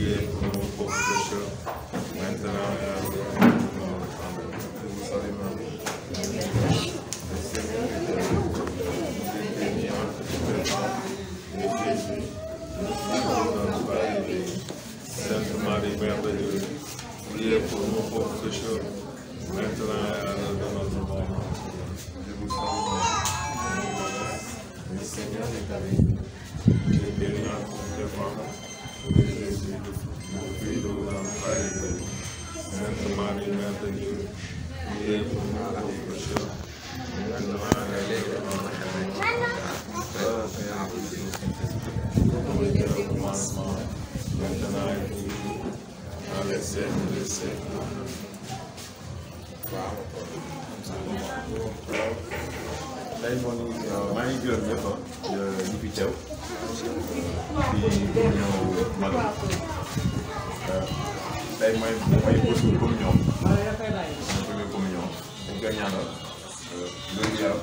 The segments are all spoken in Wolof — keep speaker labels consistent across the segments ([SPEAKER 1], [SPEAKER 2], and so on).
[SPEAKER 1] priez pour nous pauvres pécheurs, maintenant et à l'heure de notre mort. Vous savez, Marie. Le Seigneur est avec vous. Vous êtes bénie entre toutes les femmes. Et Jésus, le Seigneur, notre Père, est béni. Sainte Marie, Mère de Dieu, priez pour nous pauvres pécheurs, maintenant et à l'heure de notre mort. Je vous salue, Marie. Le Seigneur est avec vous. Vous êtes bénie entre toutes les femmes. tey moo ngi euh, maa ngi gërëm ñëpp euh, ñu fi teew di ñëw man tey mooy mooy bëtu comme ñoom mooy bëtu comme ñoom dañ koy ñaanal loolu yaram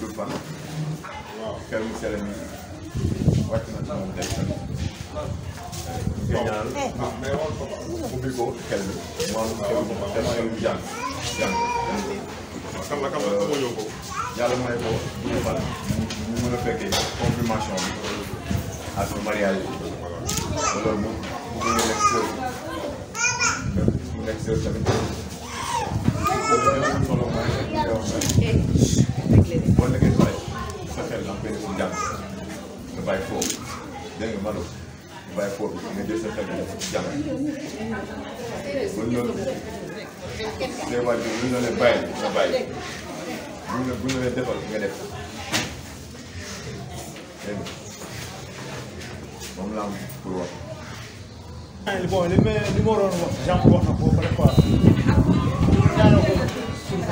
[SPEAKER 1] gudd fan kër mu sell mi wàcc na ci moom tey ñaanal ubbi ko xel bi moom xel xel bu jàng jàng kam la kam la ko yóbbu may ko mu mën a fekkee confirmation à son mariage bi loolu moom mu ngi nekk sër mu nekk sër tamit solo mooy li nga wax rek boo nekkee pare sa xel am benn bu jàng nga bàyyi foofu dégg nga malo nga bàyyi foofu nga jël sa xel nga def jàng bu ñu doon see waajur bu ñu doon leen bàyyi nga bàyyi bu ñu bu ñu leen defal nga def dégg nga moom laa am pour wax. bon li ma li ma wax Jean wax na ko rek quoi ñaanal ko suñu ñu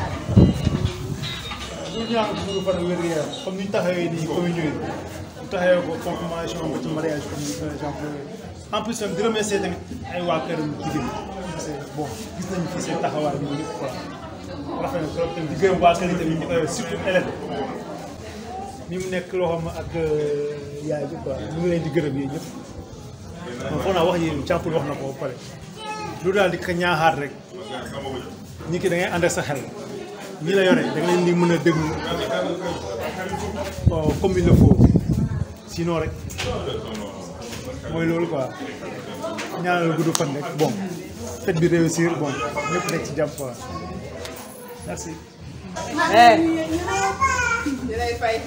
[SPEAKER 1] ñaanal ko suñu fan wér-gu-yaram comme ni ñu taxawee nii communes yi ñu taxawee ko confirmation ba ci mariage comme Jean en plus tamit di remercier tamit ay waa këram jigéen bon gis nañu fi seen taxawaay bi yëpp quoi rafet na trop tamit di gërëm waa kër yi tamit surtout élèves ni mu nekk loo ak euh, yaay ji quoi ñu ngi leen di gërëm yéen ñëpp man foog naa wax yi càppul wax na ko pare lu daal di ko ñaaxaat rek ñi ki da ànd ak sa xel ñi la yore da leen di mën a déglu waaw comme il le faut sinon rek mooy loolu quoi ñaanal gudd fan rek bon fête bi réussir bon ñëpp nekk ci jàmm quoi ñu lay fay.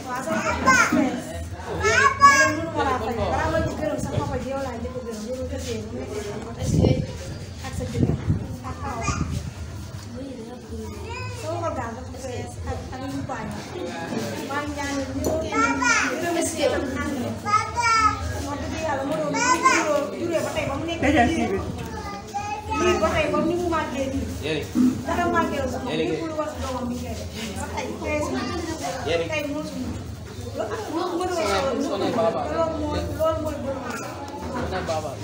[SPEAKER 1] yéen it sonay baabaar sonay baabaar.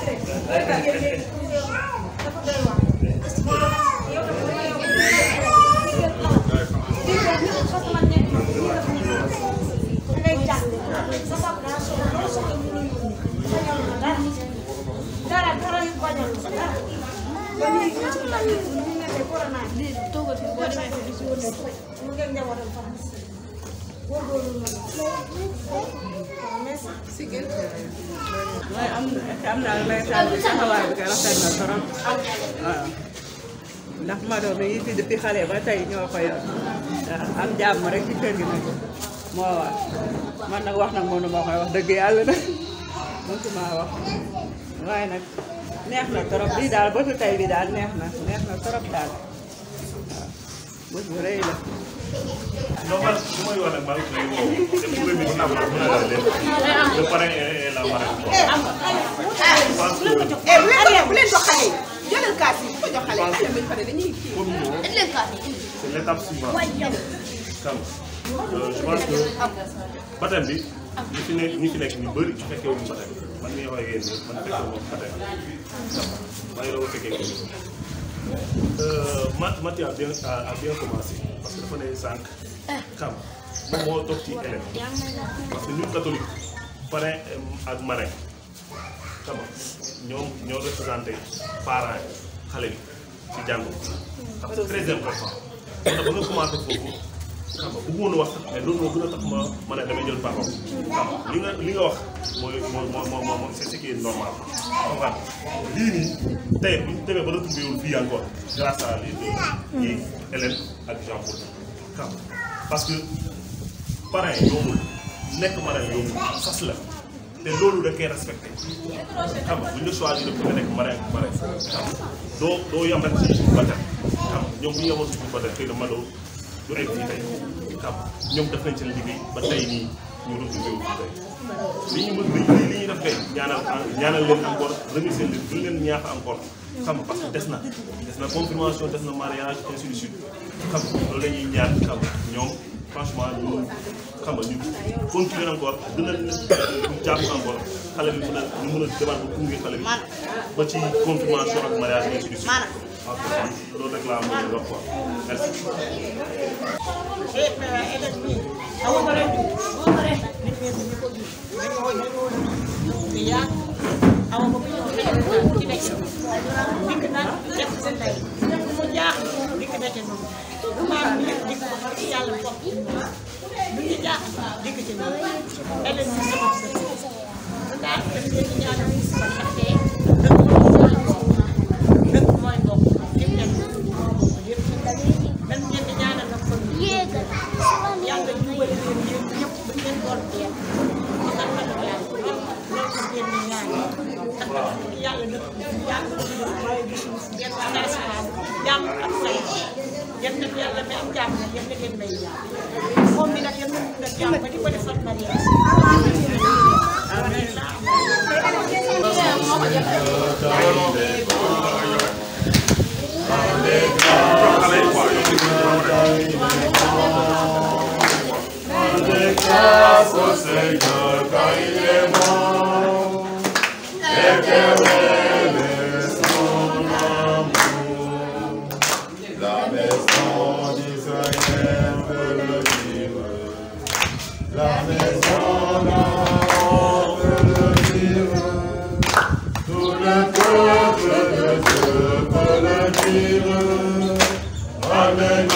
[SPEAKER 1] Thank you. waaye am na am naa lay tànn taxawaay bi nga rafet na trop ndax Mado mi ngi fi depuis ba tey ñoo ko yor waaw am rek ci kër gi nag moo war man nag wax nag moom la moo koy wax dëgg yàlla nag mënut maa wax waaye nag. neex trop bii daal bi daal la. non man su a daal la marraine. bu leen jox xale yi jëlal kaas yi bu ko jox xale yi xale bi pare dañuy kii. dañ leen ñu fi nekk ñu fi nekk ñu bëri ci fekkee wuñu Fatick euh, commencé parce que dafa ne sànq xam moom moo toog ci élève parce que ñun catholique parrain ak marraine xam ñoom ñoo représenté parents xale bi ci jàngu xam c'est très important moo tax ba nga commencé foofu xam nga bëggoon wax a tax ma ma ne damay jël parole li nga li nga wax mooy mooy mooy mooy c'est ce qui est normal lii nii tey bu ñu demee ba retrouvé wul fii encore grâce à les deux yi Hélène ak Jean Paul xam nga parce que parrain yombul nekk marraine yombul sas la te loolu da koy xam bu ñu la choisir pour nga nekk marraine marraine xam doo doo yam rek suñu xam ñoom bu ñu yamoon suñu bataay xëy na Mado du egg fii tey xam ñoom def nañ seen liggéey ba tey nii ñu doon liggéeyu li ñu ñuy def tey ñaanal ñaanal leen encore remercier leen du leen ñaax encore xam parce que des na des na confirmation des na mariage ainsi de suite xam loolu la ñaan xam ñoom franchement ñu xam nga ñu continuer encore gën a jàpp encore xale bi mën a ñu mën a demaat ba gunge xale bi ba ci confirmation ak mariage ainsi de suite loolu rek laa mën a wax quoi merci. awa boobu ñëw nañu ko ci nekk dikk nag def seen day def mu jaax dikk dete noonu bu maa bi yëpp dikk ko parce que yàlla bu bokk bu ñu jaax dikk ci noonu ëllëg ñu sama sa bu daal def seen ñaar ñu sa xatee yàlla jubale leen yéen ñëpp ba ngeen doon jeex ñu xam ne dafa laaj loolu ngeen di ñaan ndax yàlla def yàlla def waaye gisul ngeen am nasaxaat jàmm ak fay yéen nag yàlla mi am jàmm nag yéen na ngeen may jàmm moom mi nag yéen na mun a jàmm ba di ko defal mariage Hallelujah. grâce au Seigneur car il est bon. Éternel est son amour. La maison d'Israël peut le dire. La maison d'Aaron peut le dire. Tout le peuple de Dieu peut le dire. Amen.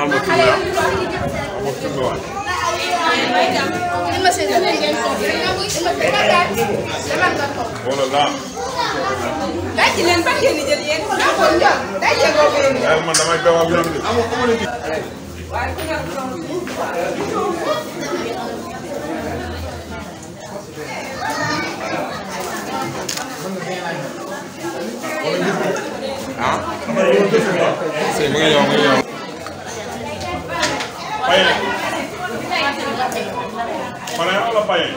[SPEAKER 1] alhamdulilah alhamdulilah. wala laa. waaye man damay béy waa bu doon ah. ma ngi yow ma ngi yow. payen wala payen.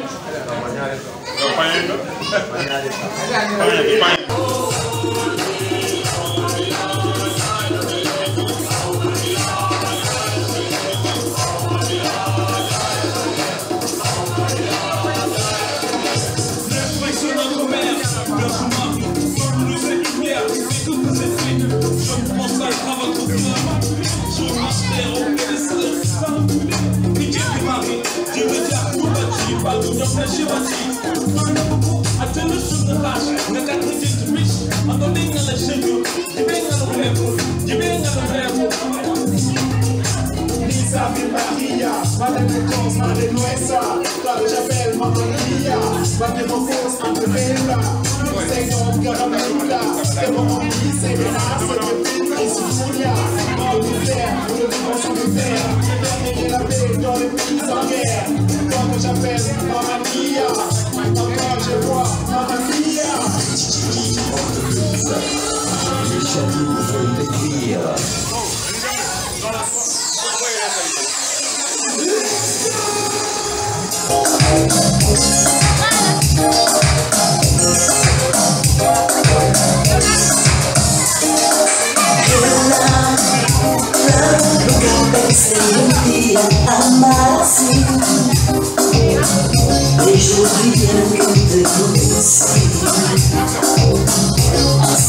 [SPEAKER 1] payen nga. payen Doideira. Pensei um dia amar assim Desde o dia que eu te conheci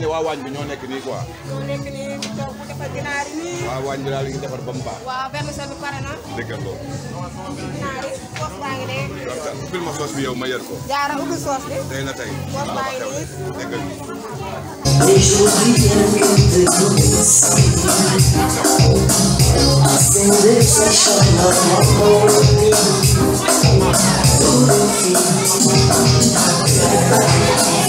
[SPEAKER 1] ne waa waañ bi ñoo nekk nii quoi. ñoo nekk nii ñu toog mu defar ginaar yi nii. waa waañ bi daal li ngi defar ba mu baax. waaw vermicelle bi pare na. dëgg la loolu. ginaar yi soos baa ngi dee. ubbil ma soos bi yow ma yër ko. jaara ubbi soos bi. tey na tey. soos baa ngi nii dëgg la.